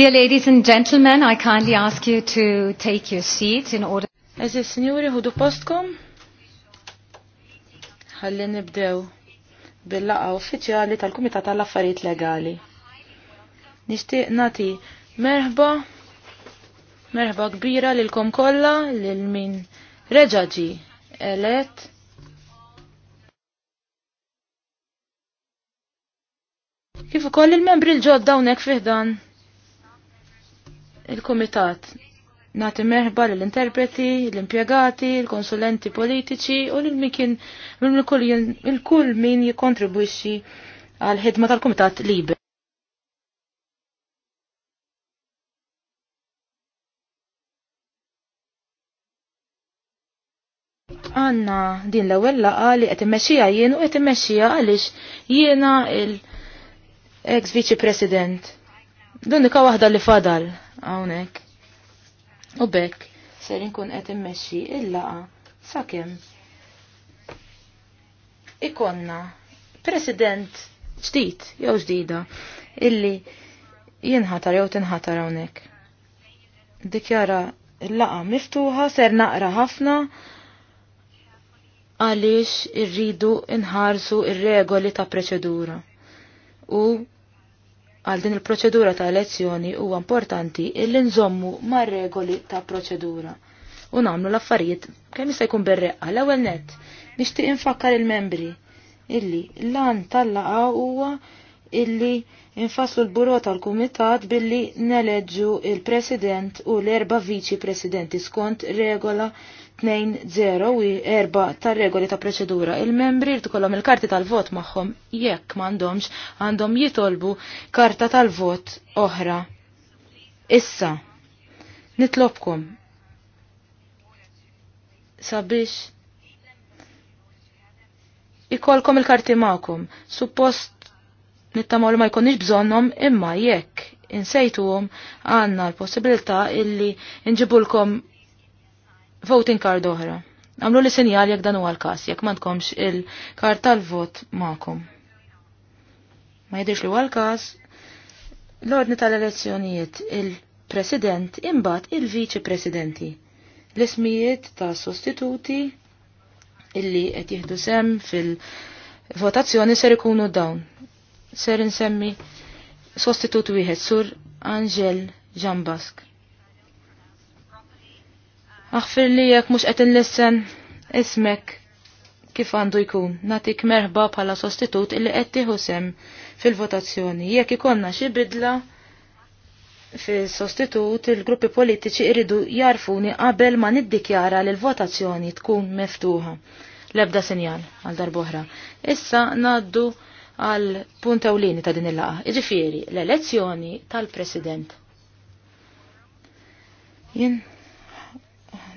Dear ladies and gentlemen, I kindly ask you to take your seats in order. Eżi signori, hudu postkom? Ħalli nibdew bil-laqa uffiċjali tal-Kumitat tal-Affarijiet Legali. Nixtieq nati merħba merħba kbira lilkom kollha lil min reġaġi elet Kif ukoll il-membri l-ġodda unek fih dan il-Komitat nati meħba l-interpreti, l-impiegati, l-konsulenti politiċi u l-mikin il-kull min jikontribwixi għal-ħidma tal-Komitat Libe. Għanna din l-ewwel laqa li qed immexxija jien u qed immexxija għaliex jiena il-ex viċi president L-unika waħda li fadal hawnhekk. U bekk ser nkun qed immexxi il-laqa sakemm ikonna president ġdid jew ġdida illi jinħatar jew tinħatar hawnhekk. Dikjara l-laqa miftuħa ser naqra ħafna għaliex irridu inħarsu ir-regoli ta' preċedura. U għal din il-proċedura ta' elezzjoni huwa importanti illi nżommu mar-regoli ta' proċedura u nagħmlu l-affarijiet kemm jista' jkun berreqqa l-ewwel nett nixtieq infakkar il-membri illi l-an tal laqgħa huwa illi infaslu l-buro tal-Kumitat billi neleġġu il-President u l-erba viċi Presidenti skont regola 2-0 u erba tar regoli ta' proċedura. Il-membri rtu kollom il-karti tal-vot magħhom jekk m'għandhomx għandhom jitolbu karta tal-vot oħra. Issa, nitlobkom sabiex ikolkom il-karti maħkom. Suppost nittamol ma jkunniex bżonnom imma jekk insejtuhom għandna l-possibilità illi nġibulkom voting card oħra. Għamlu li sinjal jekk dan huwa l-każ, jekk m'għandkomx il-kart tal-vot magħkom. Ma jidhirx li huwa l-każ, l-ordni tal-elezzjonijiet il-President imbagħad il-Viċi Presidenti. L-ismijiet ta' sostituti illi qed jieħdu sem fil-votazzjoni ser ikunu dawn ser insemmi sostitut wieħed sur Angel Jambask. Aħfir li jekk mhux qed inlissen ismek kif għandu jkun natik merħba bħala sostitut illi qed tieħu sem fil-votazzjoni. Jekk ikonna xi bidla fil-sostitut il-gruppi politiċi iridu jarfuni qabel ma niddikjara li l-votazzjoni tkun meftuħa. Lebda sinjal għal darboħra. Issa naddu għal punt ewlieni ta' din il-laqa, iġifieri l-elezzjoni tal-President. Jien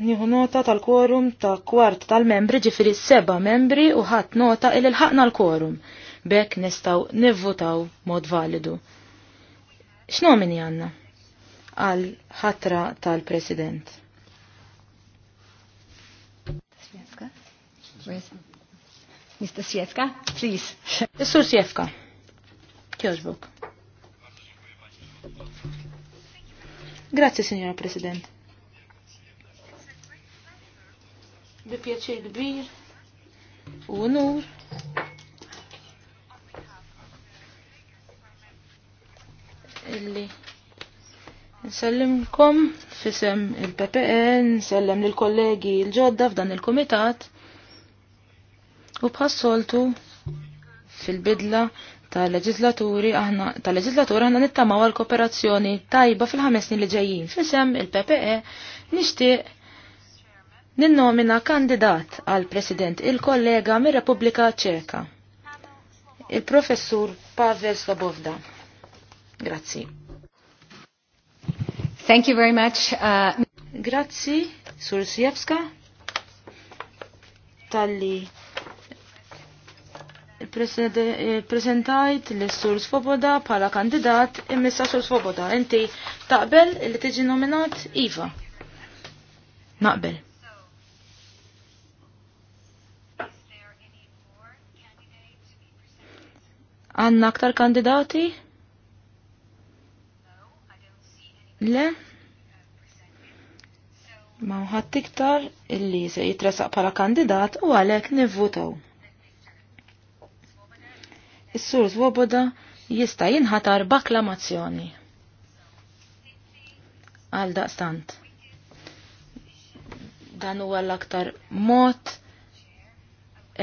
nieħu nota tal korum ta' kwart tal-membri ġifieri seba' membri u ħadd nota il ħaqna l korum bekk nistgħu nivvutaw mod validu. X'nomini għandna għal ħatra tal-President? Where's Mr. Sjefka, please. Mr. Sjefka, kjoġbuk. Grazie, signora President. Bi pjaċir kbir u unur. Illi nsellimkom fisem il-PPN, nsellem lill kollegi il ġodda f'dan il-komitat. il komitat u bħassoltu fil-bidla tal-leġislaturi aħna tal-leġislatura aħna nittamaw għal kooperazzjoni tajba fil-ħames li ġejjin. Fisem il-PPE nixtieq ninnomina kandidat għal President il-kollega mir-Repubblika Ċeka. Il-professur Pavel Slobovda. Grazzi. Thank you very much. Uh... Grazzi, Sur Siewska, tal-li Eh, presentajt l sur Svoboda pala kandidat imissa sur Svoboda. Inti taqbel li tiġi nominat Iva. Naqbel. Għanna aktar kandidati? Le? Ma' ħadd illi se jitresaq pala kandidat u għalek nivvutaw is-sur Svoboda jista' jinħatar b'akklamazzjoni. Għal daqstant. Dan huwa l-aktar mod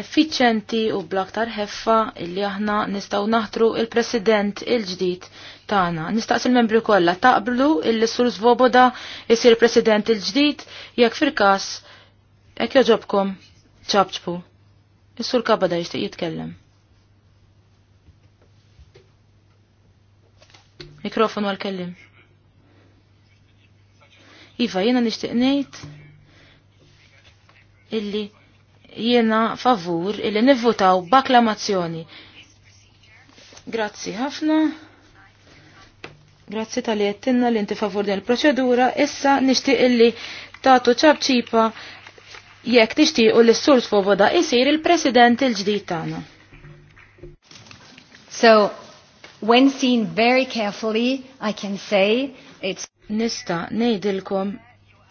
effiċenti u bl-aktar ħeffa illi aħna nistgħu naħtru il-President il-ġdid tagħna. Nistaqs il membri kollha taqblu illi sur Svoboda jsir President il-ġdid jekk fil-każ hekk joġobkom ċabċbu. Is-sur Kabada jixtieq jitkellem. Mikrofonu għal-kellim. Iva, jena nishtiqnejt illi jena favur illi nivvutaw baklamazzjoni. Grazzi ħafna. Grazzi tal jettinna li inti favur din il-proċedura. Issa nishtiq illi tatu ċabċipa jekk nishtiq li l sur svoboda isir il-president il-ġdid tagħna. So, When seen very carefully, I can say it's... Nista nejdilkom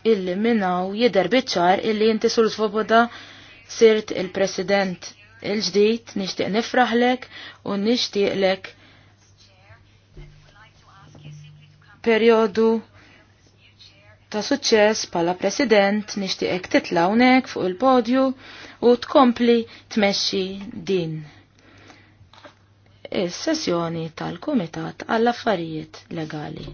illi minnaw jider bitċar illi inti sul svoboda sirt il-president il-ġdijt nishtiq nifraħlek u lek periodu ta' suċċess pala president nishtiqek titla unek fuq il-podju u tkompli tmexxi din is-sessjoni tal-Kumitat għall-Affarijiet Legali.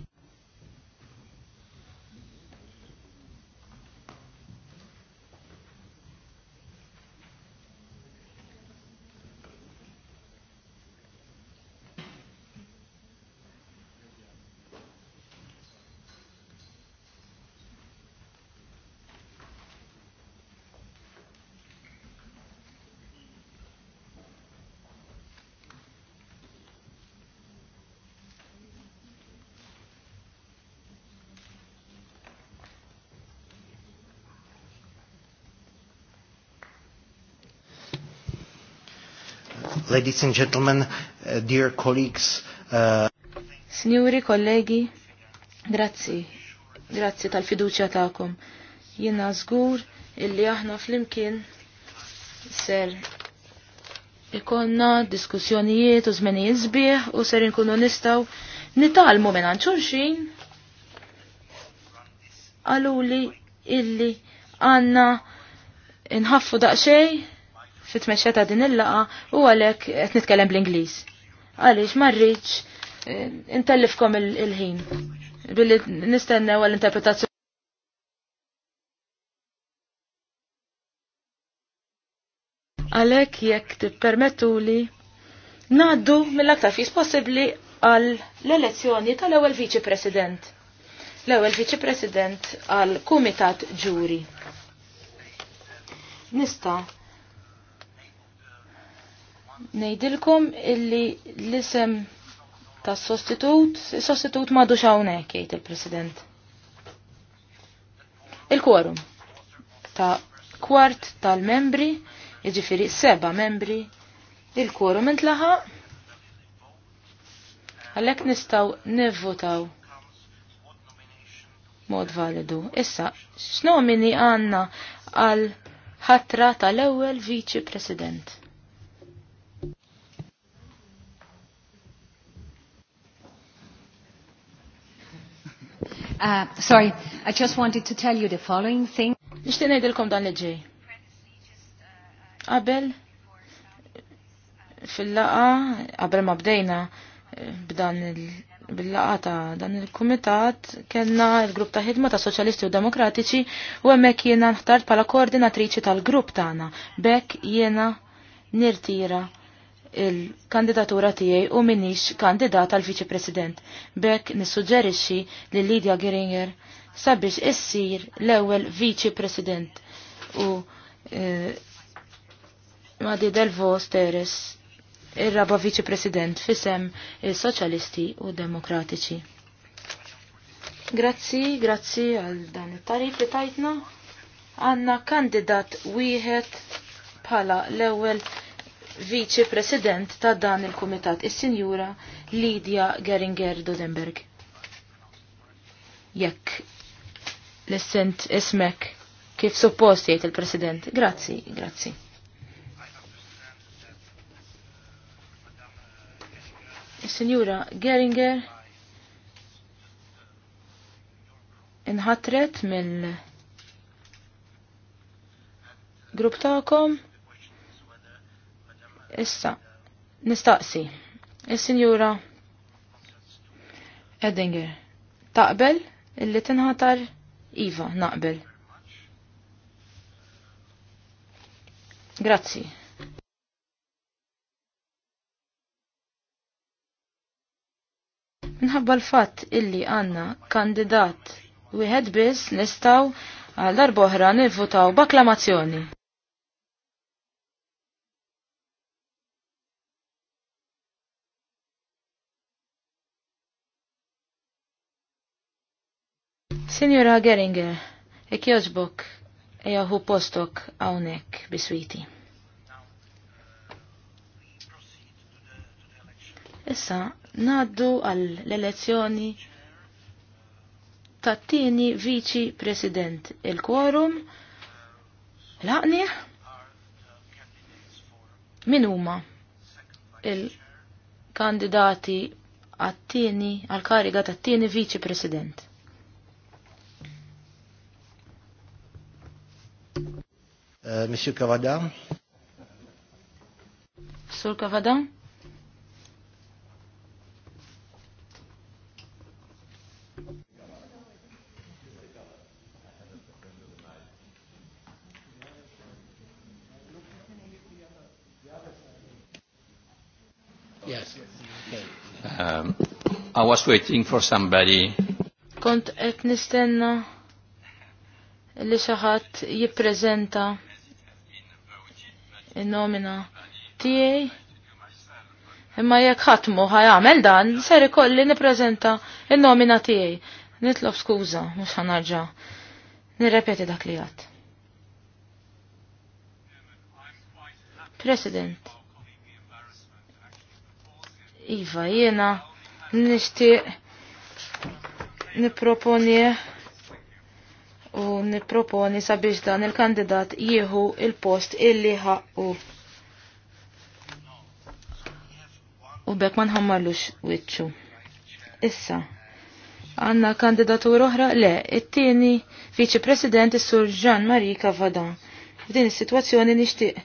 Ladies and gentlemen, uh, dear colleagues. Uh, Signori, kollegi, grazzi. Grazzi tal-fiduċja ta'kom. Jena zgur illi aħna fl-imkien ser ikonna diskussjonijiet u zmeni sbieħ u ser inkunu nistaw nitalmu minn għand xulxin għaluli illi għanna inħaffu daqxej fit ta' din il-laqa u għalhekk qed nitkellem bl-Ingliż. Għaliex ma rridx eh, intellifkom il-ħin billi nistennew għall-interpretazzjoni. Għalhekk jekk tippermettuli ngħaddu mill-aktar fis possibbli għal l-elezzjoni tal-ewwel viċi president. L-ewwel viċi president għal kumitat ġuri. Nista' Nejdilkom illi l-isem ta' sostitut, sostitut madu xawnek, jgħid il-President. Il-kworum ta' kwart tal-membri, jġifiri seba membri, il-kworum intlaħa, għalek nistaw nivvotaw mod validu. Issa, x'nomini għanna għal ħatra tal-ewwel viċi president. Uh, sorry, I just wanted to tell you the following thing. Nishtiq ngħidilkom dan li ġej. Qabel fil-laqa, qabel ma bdejna eh, b'dan bil-laqa ta' dan il-kumitat kellna il-grupp ta' ħidma ta' Soċjalisti u Demokratiċi u hemmhekk jiena nħtart bħala koordinatriċi tal-grupp tagħna. Bek Jena nirtira il-kandidatura tiegħi u minix kandidat għal viċi President. Bekk nissuġġerixxi li Lidia Geringer sabiex issir l-ewwel viċi President u e, Madi Delvo Steres ir-raba viċi President fisem il-Soċjalisti u Demokratiċi. Grazzi, grazzi għal dan it-tarif li tajtna. Għanna kandidat wieħed bħala l-ewwel viċi president ta' dan il-Kumitat is-Sinjura Lidia Geringer Dodenberg. Jekk l-essent ismek kif suppost jgħid il-President. Grazzi, grazzi. Is-Sinjura Geringer inħatret mill grupp ta'kom Issa, nistaqsi. Is-Sinjura Edinger, taqbel illi tinħatar Iva, naqbel. Grazzi. Minħabba l-fatt illi għanna kandidat wieħed biss nistaw għal oħra nivvutaw b'akklamazzjoni. Signora Geringer, ek e jahu e postok għawnek biswiti. Issa, naddu għall-elezzjoni tattini viċi president il-kworum l minuma min huma il-kandidati għattini, għal-kariga tat-tieni viċi president. Eh, Monsieur Cavada. Sur Cavada. Yes. Okay. Um, I was waiting for somebody. Kont etnistenna li xaħat ħadd jippreżenta in-nomina tiegħi. Imma jekk ħatmu ħajamel dan, ser ikolli nippreżenta in-nomina tiegħi. Nitlob skuża, mhux ħanarġa. Nirrepeti dak li għad. President. Iva, jiena nixtieq niproponi u niproponi sabiex dan il-kandidat jieħu il-post illi ħaqqu. U bekk ma nħammallux wiċċu. Issa, għanna kandidatur oħra le, it-tieni viċi president is-sur Jean Marie Cavadan. F'din is-sitwazzjoni nixtieq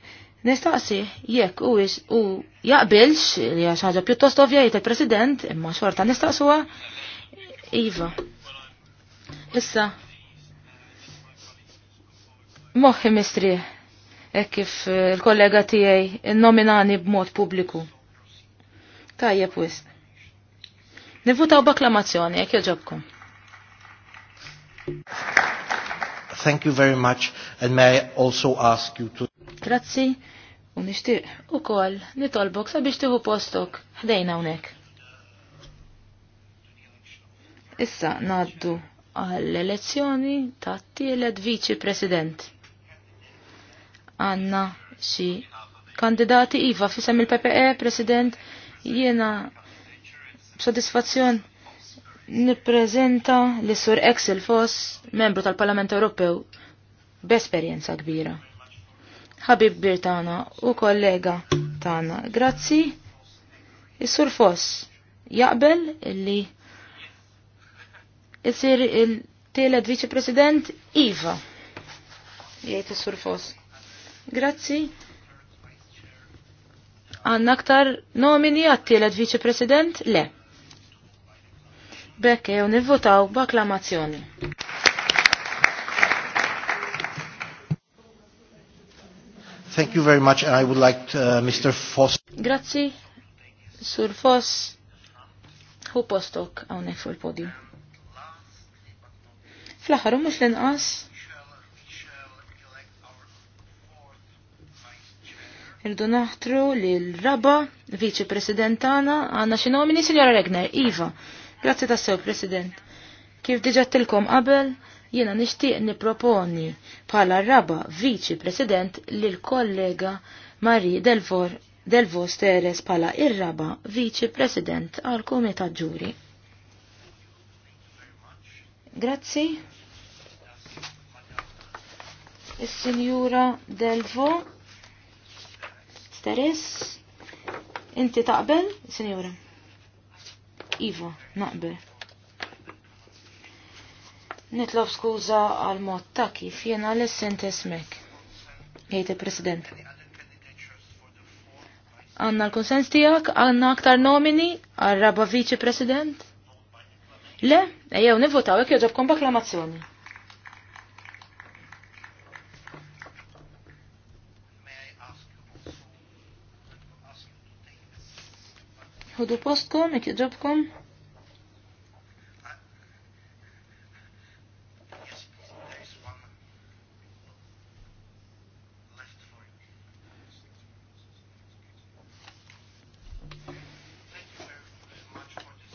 nistaqsi jekk u u jaqbilx li għax ħaġa pjuttost ovvja il-president imma xorta nistaqsuha Iva. Issa, Moħi mistri hekk kif e, il-kollega tiegħi nominani b'mod pubbliku. Tajjeb wisq. Nivvutaw b'akklamazzjoni jekk jogħġobkom. Thank you very much and may I also ask you to Grazzi u nixtieq kol, nitolbok sabiex tieħu postok ħdejna hawnhekk. Issa naddu għall-elezzjoni ta' tielet viċi president għanna xi kandidati iva fisem il-PPE, President, jiena b'sodisfazzjon nippreżenta li sur Excel Foss, membru tal-Parlament Ewropew, b'esperjenza kbira. Ħabib Birtana tagħna u kollega tagħna. Grazzi. Is-sur Foss jaqbel illi isir il-tielet viċi president Iva. Jgħid is-sur Foss. Grazzi. Għanna aktar nomini għattilet viċi president? Le. Bekke jew nivvotaw b'akklamazzjoni. Thank you very much and I would like to, uh, Mr. Foss. Grazzi. Sur Foss. Hu postok għawnek fuq il-podju. Fl-aħħar mhux l-inqas Irdu naħtru li l-raba, viċi presidentana, għanna xi nomini Sinjora Regner, Iva. Grazzi sew, President. Kif diġa tilkom qabel, jiena nixtieq niproponi bħala raba viċi president l kollega Marie Delvor Delvos Teres bħala ir-raba viċi president għal kumita Ġuri. Grazzi. il sinjura Delvo Asteris. Inti taqbel, senjora? Iva, naqbel. Nitlob skuża għal mod ta' kif jena l-essent esmek. Jgħid il-President. Għanna l-konsens tijak, għanna aktar nomini, għal raba viċi-president? Le, ejjew nivvotaw, jek joġobkom baklamazzjoni. Ħudu postkom, jek jġobkom.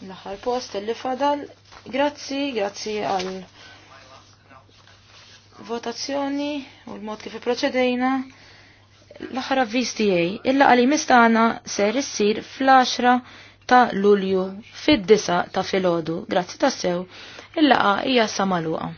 L-aħħar post li fadal. Grazzi, grazzi għal votazzjoni u l-mod kif proċedejna. L-aħħar avviż tiegħi, il-laqgħa li mistana ser issir fl-10 ta' Lulju fid-disa ta' filgħodu. Grazzi tas-sew. il-laqgħa hija samaluqa.